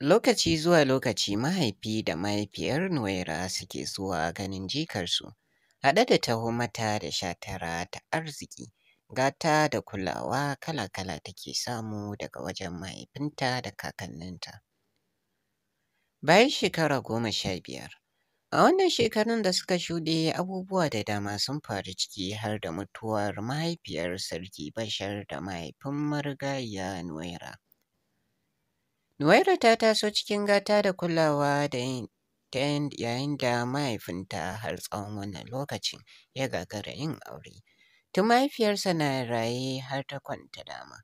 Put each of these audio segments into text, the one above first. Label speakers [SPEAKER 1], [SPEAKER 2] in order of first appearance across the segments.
[SPEAKER 1] Lokaci zuwa lokaci mahaifi da mahaifiyar Nuwaira suke zuwa ganin jikarsu, haɗe da taho mata da shatara ta arziki, gata da kulawa kala-kala take samu daga wajen mahaifinta da kakanninta. Bayan shekara goma sha biyar, a wannan shekarun da suka shuɗe abubuwa da dama sun faru ciki har da mutuwar mahaifiyar Sarki Bashar da mahaifin marigayya Nuwaira. Nuwaira ta taso cikin gata da kulawa da yin ta yayin da mahaifinta har tsawon wannan lokacin ya gagara yin aure. Tun mahaifiyarsa na raye har ta kwanta dama.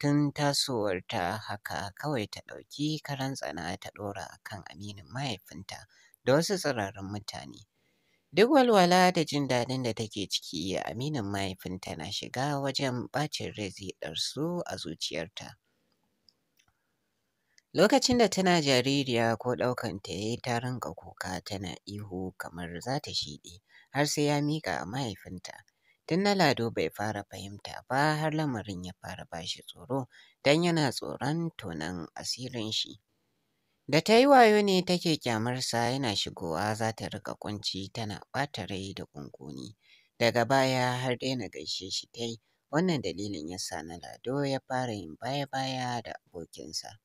[SPEAKER 1] Tun tasowar ta haka kawai ta ɗauki karan tsana ta ɗora a kan aminin mahaifinta da wasu tsirarin mutane. Duk walwala da jin daɗin da take ciki aminin mahaifinta na shiga wajen ɓacin rai zai ɗarsu a zuciyarta. Lokacin da tana jaririya ko ɗaukan ta yi ta rinƙa kuka tana ihu kamar za ta shiɗe har sai ya miƙa a mahaifinta. Tun na Lado bai fara fahimta ba har lamarin ya fara bashi tsoro don yana tsoron tonan asirin shi. Da ta yi wayo ne take kyamarsa yana shigowa za ta riƙa ƙunci tana ɓata rai da ƙunƙuni Daga baya har daina gaishe shi ta yi, wannan dalilin ya sa na Lado ya fara yin baya-baya da abokinsa.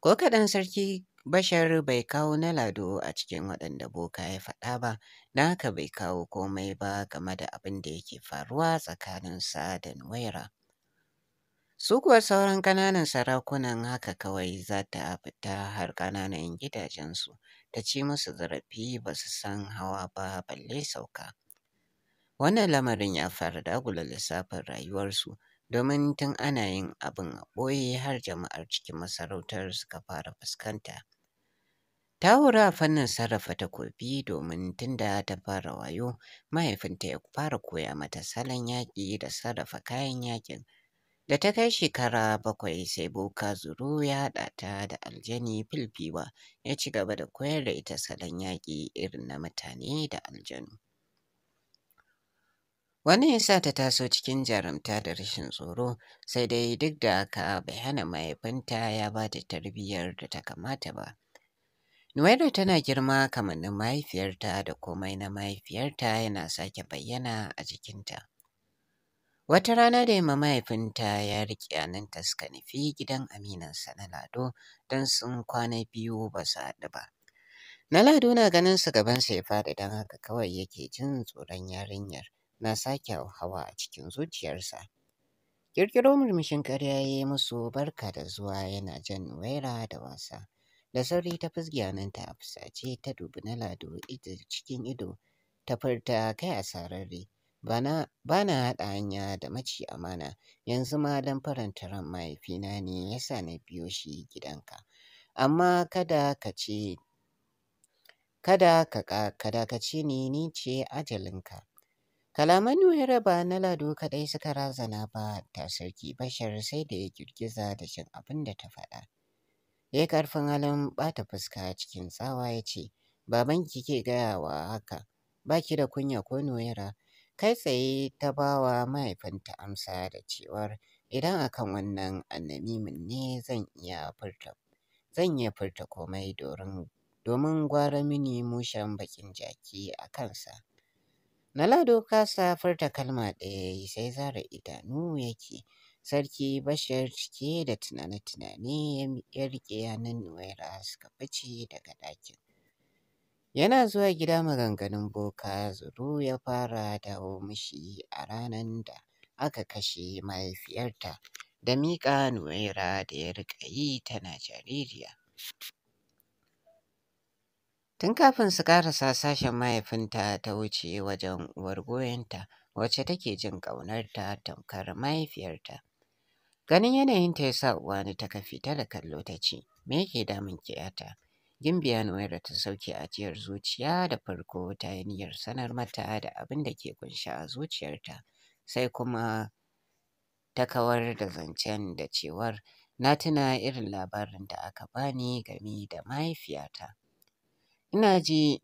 [SPEAKER 1] Ko kaɗan sarki Bashar bai kawo na lado a cikin waɗanda boka ya faɗa ba, don haka bai kawo komai ba game da abin da yake faruwa tsakaninsa da Nuwaira. Su kuwa sauran ƙananan sarakunan haka kawai za ta fita har ƙananan gidajensu, ta ci musu zarafi ba su san hawa ba balle sauka. Wannan lamarin ya fara dagula lissafin rayuwarsu domin tun ana yin abin a ɓoye har jama'ar cikin masarautar suka fara fuskanta. Ta wura fannin sarrafa takobi domin tun da ta fara wayo mahaifinta ya fara koya mata salon yaƙi da sarrafa kayan yaƙin. Da ta kai shekara bakwai sai Boka Zuru ya haɗa ta da aljani filfiwa ya ci gaba da koyar da ita salon yaƙi irin na mutane da aljanu. Wani ya sa ta taso cikin jarumta da rashin tsoro, sai dai duk da haka bai hana mahaifinta ya ba ta tarbiyyar da ta kamata ba. Nuwaira tana girma kamannin mahaifiyarta da komai na mahaifiyarta yana sake bayyana a jikinta. Wata rana da yamma mahaifinta ya riƙe hannunta suka nufi gidan aminansa na Lado don sun kwana biyu ba su haɗu ba. Na Lado na ganin su gabansa ya faɗi don haka kawai yake jin tsoron yarinyar. na sake hawa a cikin zuciyarsa. Ƙirƙiro murmushin ƙarya ya yi musu barka da zuwa yana jan waira da wasa. Da sauri ta fusgiyananta a fusace ta dubi na lado ita cikin ido ta furta kai a sarari. Bana, bana haɗa hanya da maci amana, yanzu ma don faranta ran mahaifina ne ya sa na biyo shi gidanka. Amma kada ka ce, kada ka ce ni ni ce ajalinka. Kalaman Nuhaira ba na Lado kaɗai suka razana ba ta sarki bashar, sai da ya girgiza da shin abin da ta faɗa. Ya karfin halin ɓata fuska cikin tsawa ya ce, baban ki ke gayawa haka, ba ki da kunya ko noyara. Kai tsaye ta ba wa mahaifinta amsa da cewar idan akan wannan annanimin ne zan iya furta zan iya furta komai domin gwara mini mushen bakin jaki a kansa. Na Lado kasa furta kalma ɗaya yi sai zara idanu yake. Sarki Bashir cike da tunane-tunane ya riƙe yanan Nuwaira suka fice daga ɗakin. Yana zuwa gida maganganun boka zuru ya fara dawo mishi a ranar da aka kashe mahaifiyarta da miƙa Nuwaira da ya riƙa yi tana jaririya. Tun kafin su karasa sashen mahaifinta ta wuce wajen uwar goyonta wacce take jin ƙaunarta tamkar mahaifiyarta. Ganin yanayinta ya sa uwani ta kafi ta da kallo ta ce, Me yake damun kiyata? yata? Gimbiya Nuwaira ta sauke ajiyar zuciya da farko ta yi niyyar sanar mata da abin da ke kunshi a zuciyarta, sai kuma ta kawar da zancen da cewar na tuna irin labarin da aka bani game da mahaifiyata. Ina ji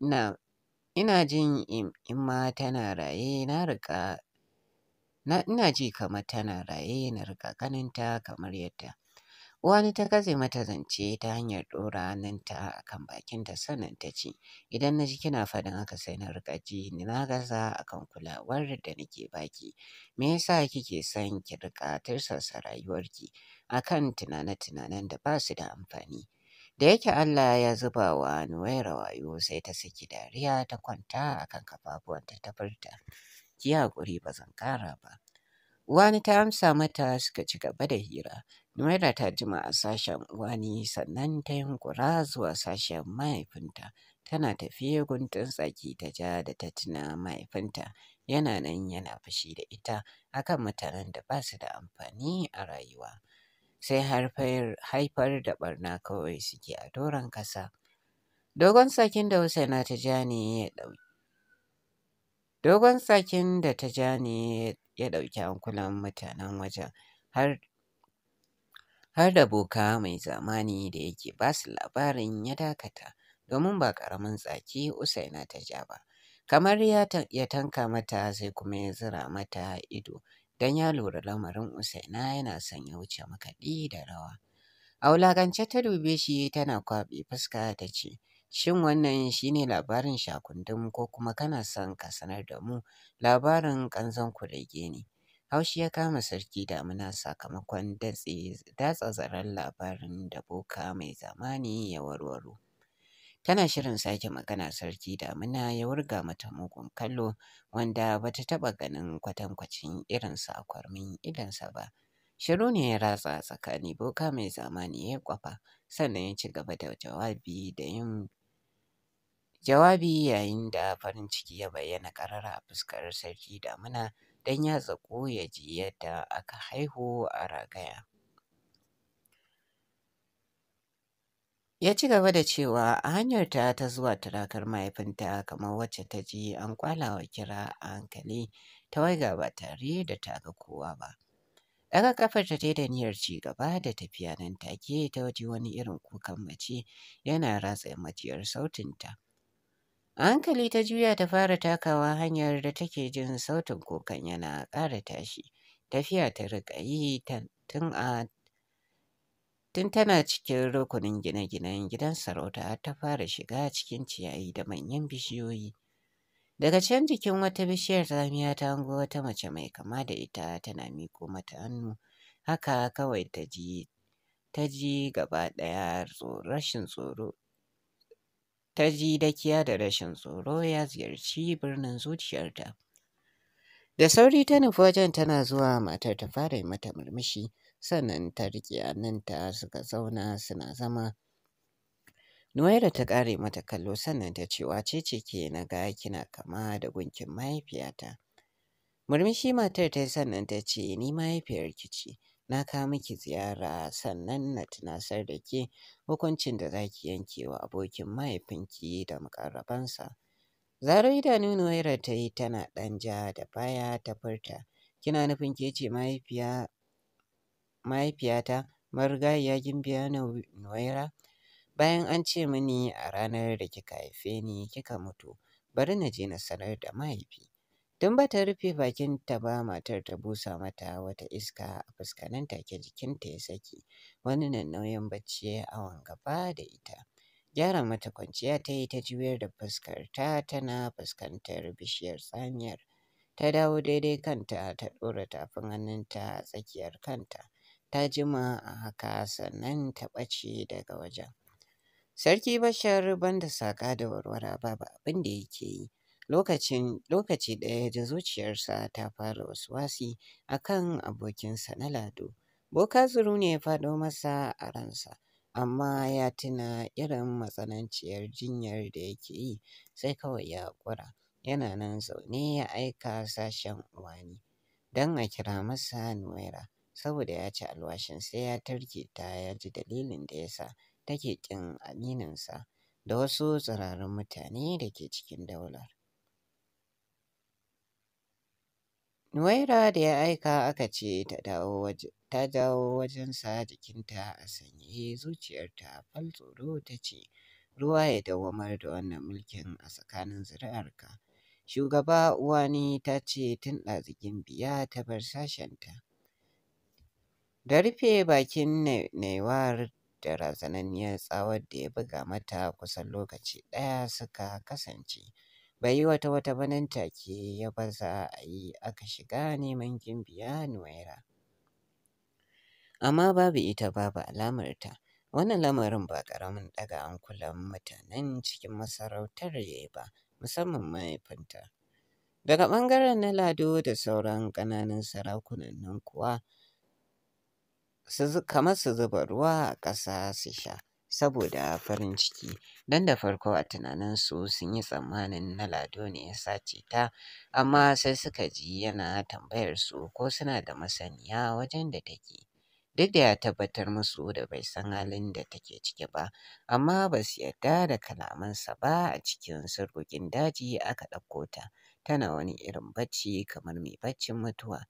[SPEAKER 1] jin in ma tana raye na riƙa ina ji kamar tana raye na riƙa ganinta kamar yadda Uwani ta katse mata zance ta hanyar ɗora hannunta a kan bakinta sannan ta ce, Idan na ji kina faɗin haka sai na riƙa ji na gaza a kan kulawar da nake baki. Me yasa kike son ki riƙa tirsasa rayuwarki a kan tunane-tunanen da ba su da amfani? Da yake Allah ya zuba wa Nuwaira wayo sai ta saki dariya ta kwanta a kan kafafuwanta ta furta. Ki haƙuri ba zan ƙara ba. Wani ta amsa mata suka ci gaba da hira. Nuwaira ta jima a sashen wani sannan ta yunkura zuwa sashen mahaifinta. Tana tafiye guntun tsaki ta ja da ta tuna mahaifinta. Yana nan yana fushi da ita akan mutanen da ba su da amfani a rayuwa. sai haifar da barna kawai suke a doron ƙasa. Dogon tsakin da Husaina ta ja ne ya ɗauki. Dogon tsakin da ta ja ne ya ɗauki mutanen wajen har da boka mai zamani da yake ba su labarin ya dakata domin ba ƙaramin tsaki Usaina ta ja ba. Kamar ya tanka mata sai kuma ya zira mata ido don ya lura lamarin Usaina yana son ya wuce makaɗi da rawa. A wulagance ta dube shi tana kwaɓe fuska ta ce, Shin wannan shi ne labarin shakundum ko kuma kana son ka sanar da mu labarin ƙanzon kurege ne. Haushi ya kama sarki damuna sakamakon datsa zaren labarin da boka mai zamani ya warwaro. Tana shirin sake magana sarki damina ya wurga mata mugun kallo wanda bata taɓa ganin kwatankwacin irinsa a kwarmin idansa ba. Shiru ne ya ratsa tsakani boka mai zamani ya kwafa sannan ya ci gaba da jawabi da yin jawabi yayin da farin ciki ya bayyana karara a fuskar sarki damina don ya zaƙo ya ji yadda aka haihu a ragaya. Ya ci gaba da cewa a hanyarta ta zuwa turakar mahaifinta kamar wacce ta ji an kwalawa kira a hankali ta waiga ba tare da ta ga kowa ba. Daga kafar ta da niyyar ci gaba da tafiya nan take ta waje wani irin kukan mace yana ratsa maciyar sautinta. A hankali ta juya ta fara takawa hanyar da take jin sautin kukan yana ƙara tashi. Tafiya ta riƙa yi tun a Tun tana cikin rukunin gine-ginen gidan sarauta ta fara shiga cikin ciyayi da manyan bishiyoyi. Daga can jikin wata bishiyar tsamiya ta hango wata mace mai kama da ita tana miko mata hannu haka kawai ta ji ta ji gaba ɗaya rashin tsoro ta ji dakiya da rashin tsoro ya ziyarci birnin zuciyarta. Da sauri ta nufi wajen tana zuwa matar ta fara mata murmushi. sannan ta riƙe hannunta suka zauna suna zama. Nuwaira ta ƙare mata kallo sannan ta ce wace ce ke na ga kina kama da gunkin mahaifiyata. Murmushi matar ta sannan ta ce ni mahaifiyar ki ce na kawo miki ziyara sannan na tunasar da ke hukuncin da za ki yanke wa abokin mahaifinki da mukarrabansa. Zaro idanu Nuwaira ta yi tana ɗan ja da baya ta furta. Kina nufin ke ce mahaifiya mahaifiyata marigayiya Gimbiya Nuwaira bayan an ce mini a ranar da kika haife ni kika mutu bari na je na sanar da mahaifi. Don ba ta rufe ta ba matar ta busa mata wata iska a fuskanin take jikinta ya saki wani nauyin bacci awon gaba da ita. Gyara mata kwanciya ta yi ta juyar da fuskarta tana fuskantar bishiyar tsamiyar. Ta dawo daidai kanta ta ɗora tafin hannunta a tsakiyar kanta. ta jima a haka sannan ta ɓace daga wajen. Sarki Bashar banda saƙa da warwara babu abin da yake yi. lokaci ɗaya da zuciyarsa ta fara wasu wasu, a kan abokinsa na Lado. Boka zuru ne ya faɗo masa a ransa, amma ya tuna irin matsananciyar jinyar da yake yi sai kawai ya ƙura Yana nan zaune ya aika sashen uwani don a kira masa Nuwaira. saboda ya ci alwashin sai ya tarke ta ya ji dalilin da ya sa take ƙin amininsa da wasu tsirarun mutane da ke cikin daular. Nuwaira da ya aika aka ce ta dawo wajensa jikinta a sanye zuciyarta fal tsoro ta ce ruwa ya dawamar da wannan mulkin a tsakanin zuri'arka. Shugaba Uwani ta ce tun ɗazigin biya ta bar sashenta. da rufe bakin Newar da razananniyar tsawar da ya buga mata kusan lokaci ɗaya suka kasance. Bai yi wata wata banan take ya baza a yi aka shiga neman gimbiya Nuwaira. Amma babu ita babu alamarta. Wannan lamarin ba ƙaramin ɗaga hankulan mutanen cikin masarautar ya ba, musamman mahaifinta. Daga ɓangaren na Lado da sauran ƙananan sarakunan nan kuwa, kamar su zuba ruwa a ƙasa su sha saboda farin ciki don da farko a tunaninsu sun yi tsammanin na lado ne ya sace ta amma sai suka ji yana tambayar su ko suna da masaniya wajen da take duk da ya tabbatar musu da bai san halin da take ciki ba amma ba su yarda da kalamansa ba a cikin sirrukin daji aka ɗauko ta tana wani irin bacci kamar mai baccin mutuwa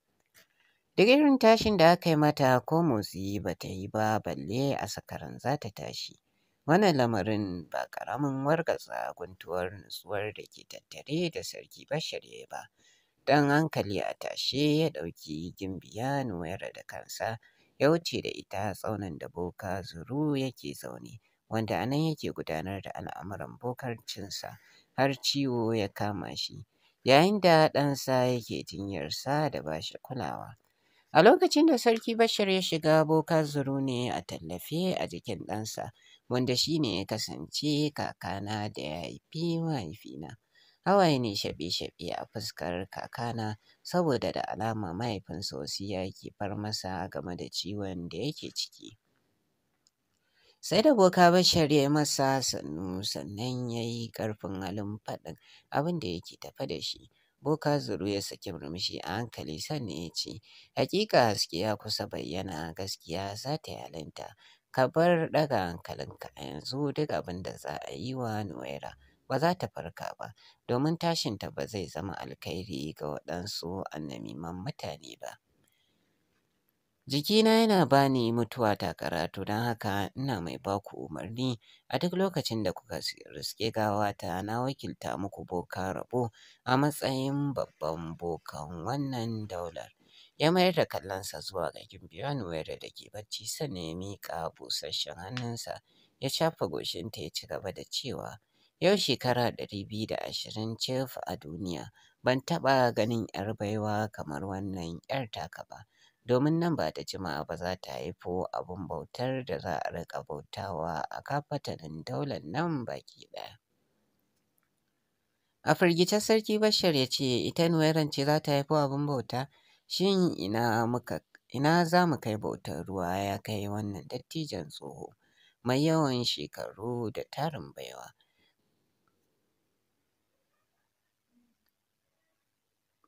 [SPEAKER 1] Duk irin tashin da aka yi mata ko motsi ba ta yi ba balle a sakaran za ta tashi. Wannan lamarin ba ƙaramin wargatsa guntuwar nutsuwar da ke tattare da sarki Bashir ya ba. Dan hankali a tashe ya ɗauki gimbiya Nuwaira da kansa ya wuce da ita tsaunin da boka zuru yake zaune wanda anan nan yake gudanar da al'amuran bokar cinsa, har ciwo ya kama shi yayin da ɗansa yake jinyarsa da ba kulawa. A lokacin da Sarki Bashir ya shiga boka zuru ne a tallafe a jikin ɗansa, wanda shi ne ya kasance kakana da ya haifi mahaifina. Hawaye ne shaɓe-shaɓe a fuskar kakana saboda da alama mahaifin sosiya ke far masa game da ciwon da yake ciki. sai da boka bashar ya masa sannu sannan ya yi ƙarfin halin faɗin abin da yake tafe da shi Boka Zuru ya saki murmushi a hankali sannan ya ce, Hakika haske ya kusa bayyana gaskiya za ta halinta. Ka bar ɗaga hankalinka a yanzu duk abin da za a yi wa Nuwaira. Ba za ta farka ba, domin tashinta ba zai zama alkhairi ga waɗansu annamiman mutane ba. Jikina yana bani mutuwa ta karatu don haka ina mai baku umarni a duk lokacin da kuka riske gawata na wakilta muku boka rabo a matsayin babban bokan wannan daular. Ya mayar da kallonsa zuwa ga Gimbiyon wayar da ke bacci sannan ya miƙa busasshen hannunsa ya shafa goshinta ya ci gaba da cewa yau shekara ɗari biyu da ashirin cef a duniya ban taɓa ganin 'yar baiwa kamar wannan 'yar taka ba. domin nan ba ta jima'a ba za ta haifo abin bautar da za a riƙa bautawa a kafatanin daular nan baki ɗaya. A firgice sarki Bashir ya ce ita Nuwairan ce za ta haifo abin bauta, shin ina muka za mu kai bautar ruwa ya kai wannan dattijan tsoho mai yawan shekaru da tarin baiwa.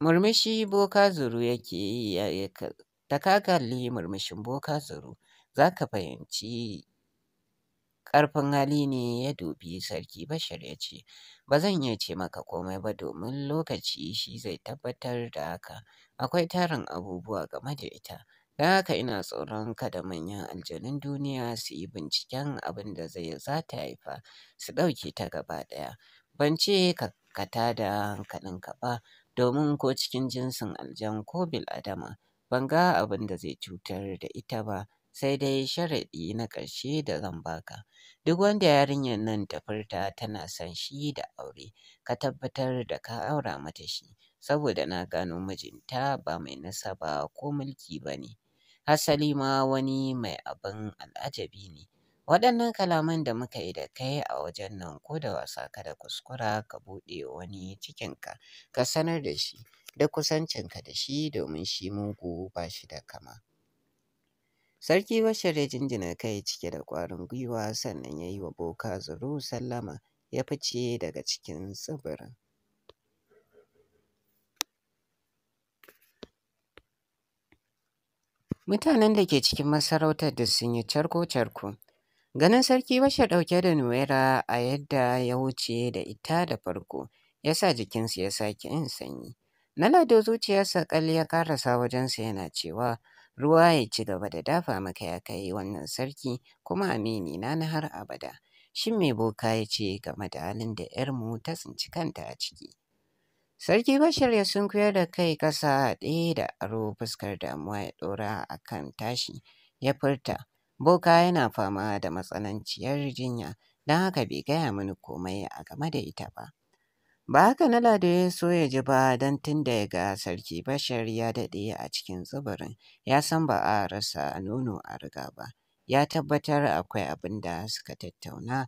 [SPEAKER 1] Murmushi boka zuru yake yi Da kagalli murmushin boka tsoro za ka fahimci ƙarfin hali ne ya dubi sarki Bashir ya ce, Ba zan iya ce maka komai ba domin lokaci shi zai tabbatar da haka, akwai tarin abubuwa game da ita. da haka ina tsoron da manyan aljanun duniya su yi binciken abin da zai za ta haifa su ɗauke ta gaba ɗaya. Ban ce ka tada hankalinka ba domin ko cikin jinsin aljan ko bil'adama ban ga abin da zai cutar da ita ba sai dai sharaɗi na ƙarshe da zan baka duk wanda yarinyar nan ta furta tana son shi da aure ka tabbatar da ka aura mata shi saboda na gano mijinta ba mai nasaba ko mulki ba ne hasali ma wani mai abin al'ajabi ne waɗannan kalaman da muka yi da kai a wajen nan ko da wasa kada kuskura ka buɗe wani cikinka ka sanar da shi da kusancinka da shi domin shi mugu ba shi da kama. Sarki Bashir ya jinjina kai cike da ƙwarin gwiwa sannan ya yi wa boka zuru sallama ya fice daga cikin tsibirin. Mutanen da ke cikin masarautar da sun yi carko-carko. Ganin sarki Bashir ɗauke da Nuwera a yadda ya wuce da ita da farko, ya sa jikinsu ya sake yin sanyi. Na lado zuciyarsa ƙal ya ƙarasa wajensa yana cewa ruwa ya ci gaba da dafa maka ya kai wannan sarki kuma amini na na har abada. Shin me boka ya ce game da halin da ‘yarmu ta tsinci kanta a ciki? Sarki Bashir ya sunkuyar da kai ƙasa ɗaya da aro fuskar damuwa ya ɗora a kan tashi ya furta. Boka yana fama da matsananciyar jinya don haka bai gaya mini komai a game da ita ba. Ba haka Nalado ya so ya ji ba don tun da ya ga sarki bashar ya daɗe a cikin tsibirin, ya san ba a rasa nono a riga ba, ya tabbatar akwai abin da suka tattauna,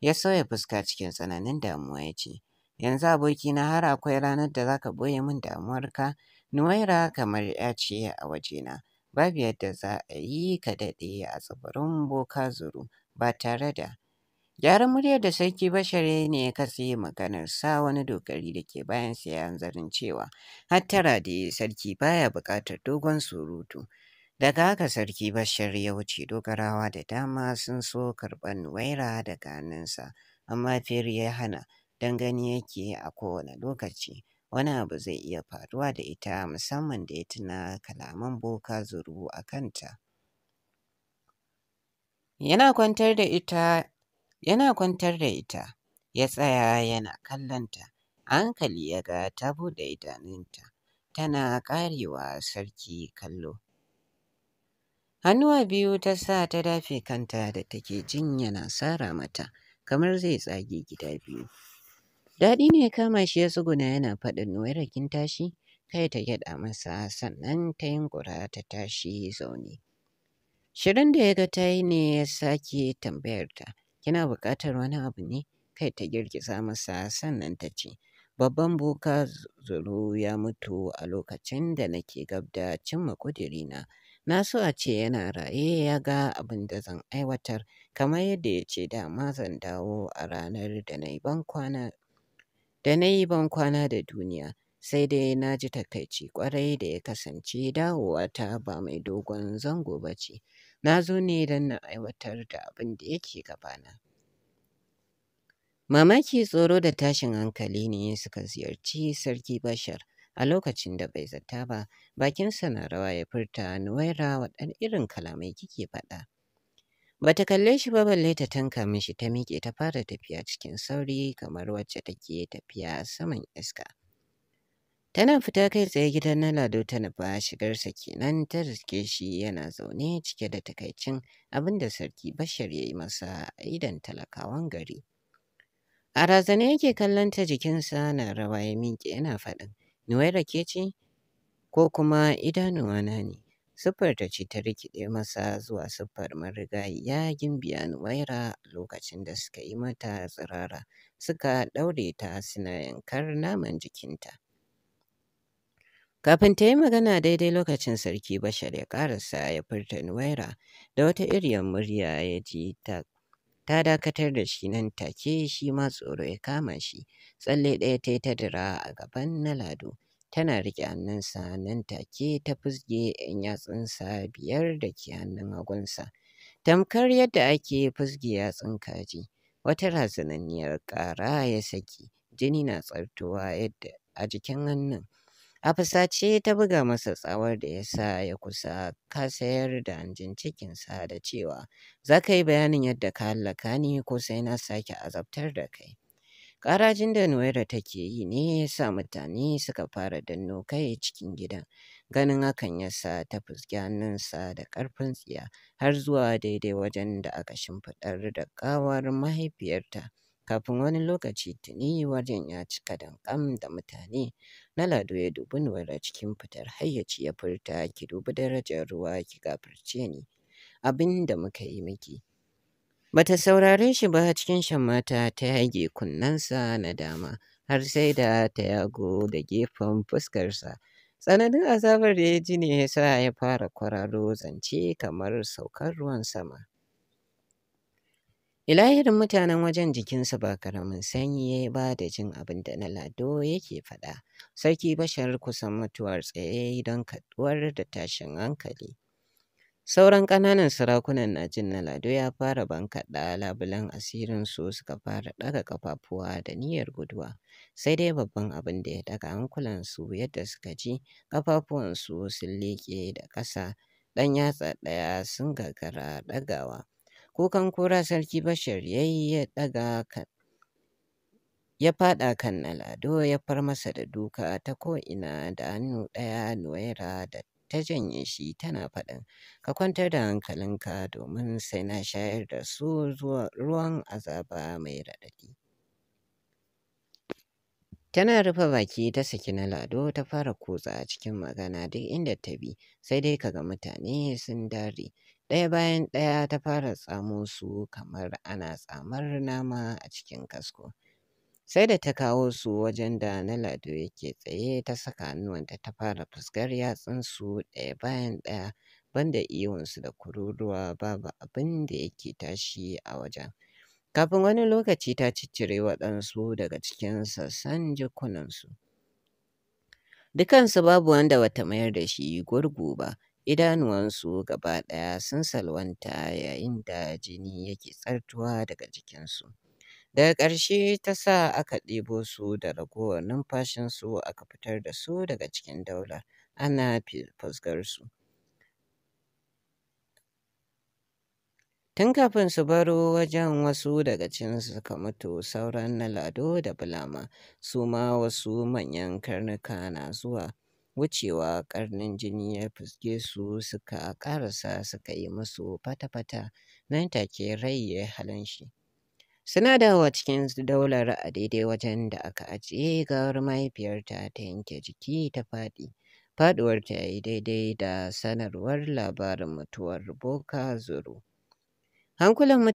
[SPEAKER 1] ya sauya fuska cikin tsananin damuwa ya ce, Yanzu abokina har akwai ranar da za ka ɓoye min damuwarka, Nuwaira kamar ya ce a wajena, babu yadda za a yi ka daɗe a tsibirin Boka Zuru ba tare da Gyaran muryar da sarki Bashare ne ya katse maganar sa wani dokari da ke bayan sa ya cewa hattara da sarki baya bukatar dogon surutu. Daga haka sarki bashar ya wuce dogarawa da dama sun so karɓar Nuwaira da hannunsa, amma Fir ya hana don gani yake a kowane lokaci. Wani abu zai iya faruwa da ita musamman da ya tuna kalaman boka zuru a kanta. Yana kwantar da ita yana kwantar da ita ya tsaya yana kallonta hankali ya ga ta buɗe idanunta tana ƙarewa sarki kallo hannuwa biyu ta sa ta dafe kanta da take jin yana sara mata kamar zai tsage gida biyu daɗi ne kama shi ya tsuguna yana faɗin rakin tashi kai ta gyaɗa masa sannan ta yunkura ta tashi zaune shirin da ya ga ta yi ne ya sake tambayarta kina buƙatar wani abu ne? Kai ta girgiza masa sannan ta ce, Babban boka Zulu ya mutu a lokacin da nake gab da cimma ƙudirina. Na so a ce yana raye ya ga abin da zan aiwatar kamar yadda ya ce dama zan dawo a ranar da na yi ban kwana da duniya. Sai dai na ji takaici kwarai da ya kasance dawowa ta ba mai dogon zango ba ce. na zo ne don na aiwatar da abin da yake gabana. Mamaki tsoro da tashin hankali ne suka ziyarci Sarki Bashar a lokacin da bai zata ba, bakinsa na rawa ya furta Nuwaira waɗan irin kalamai kike faɗa. Bata kalle shi ba balle ta tanka mishi ta miƙe ta fara tafiya cikin sauri kamar wacce take tafiya saman iska. Tana fita kai tsaye gidan na Lado ta nufa shigarsa kenan ta riske shi yana zaune cike da takaicin abin da sarki bashar ya yi masa a idan talakawan gari. A razana yake kallon ta jikinsa na rawa ya miƙe yana faɗin, Nuwaira ke ce? Ko kuma na ne? Siffar ta ce ta rikide masa zuwa siffar marigayi ya gimbiya Nuwaira lokacin da suka yi mata tsirara suka ɗaure ta suna yankar naman jikinta. Kafin ta yi magana daidai lokacin sarki Bashar ya ƙarasa ya furta Nuwaira da wata iriyar murya ya ji ta dakatar da shi nan take shi ma tsoro ya kama shi tsalle ɗaya ta yi ta dira a gaban na lado tana riƙe hannunsa nan take ta fusge 'yan yatsunsa biyar da ke hannun hagunsa tamkar yadda ake fusge yatsun kaji wata razananniyar ƙara ya saki jini na tsartowa yadda a jikin hannun A fusace ta buga masa tsawar da ya sa ya kusa kasayar da anjin cikinsa da cewa za ka yi bayanin yadda ka hallaka ni ko sai na sake azabtar da kai. Ƙarajin da Nuwaira take yi ne ya sa mutane suka fara danno kai cikin gidan. Ganin hakan ya sa ta fuski hannunsa da ƙarfin tsiya har zuwa daidai wajen da aka shimfiɗar da gawar mahaifiyarta. Kafin wani lokaci tuni wajen ya cika danƙam da mutane. Na lado ya dubi Nuwaira cikin fitar hayyaci ya furta ki dubi darajar ruwa ki gafarce ni abin da muka yi miki. Bata saurare shi ba cikin shan mata, ta yage kunnensa na dama har sai da ta yago da gefen fuskarsa. Tsananin azabar da ya ji ne ya sa ya fara kwararo zance kamar saukar ruwan sama. Ilahirin mutanen wajen jikinsu ba karamin sanyi ya ba da jin abin da na lado yake faɗa. Sarki Bashar kusan mutuwar tsaye don kaɗuwar da tashin hankali. Sauran ƙananan sarakunan na jin na lado ya fara bankaɗa labulan su suka fara ɗaga ƙafafuwa da niyyar guduwa. Sai dai babban abin da ya ɗaga hankulansu yadda suka ji ƙafafuwansu sun liƙe da ƙasa ɗan yatsa ɗaya sun gagara ɗagawa. kukan kura sarki bashir ya yi ya ɗaga kan ya faɗa kan al'ado ya far masa da duka ta ko'ina da hannu ɗaya nuwaira da ta janye shi tana faɗin ka kwantar da hankalinka domin sai na shayar da su ruwan azaba mai raɗaɗi Tana rufe baki ta saki na lado ta fara kutsa a cikin magana duk inda ta bi sai dai kaga mutane sun dare ɗaya bayan ɗaya ta fara tsamo su kamar ana tsamar nama a cikin kasko. Sai da ta kawo su wajen da na lado yake tsaye ta saka hannuwanta ta fara fuskar yatsunsu ɗaya bayan ɗaya banda iwonsu da kururuwa babu abin da yake tashi a wajen. Kafin wani lokaci ta ciccire waɗansu daga cikin sassan jikunansu. Dukansu babu wanda bata mayar da shi gurgu ba, idanuwansu gaba ɗaya sun salwanta yayin da jini yake tsartuwa daga jikinsu. Daga ƙarshe ta sa aka ɗebo su da ragowar numfashinsu aka fitar da su daga cikin daular ana fusgarsu. Tun kafin su baro wajen wasu daga cinsu suka mutu sauran na Lado da Bulama su ma wasu manyan karnuka na zuwa wucewa ƙarnin jini ya fuske su suka ƙarasa suka yi musu fata-fata nan take rai ya halin shi. Suna dawowa cikin daular a daidai wajen da aka ajiye gawar mahaifiyarta ta yanke jiki ta faɗi. Faɗuwar ta yi daidai da sanarwar labarin mutuwar Boka Zuru. Hankulan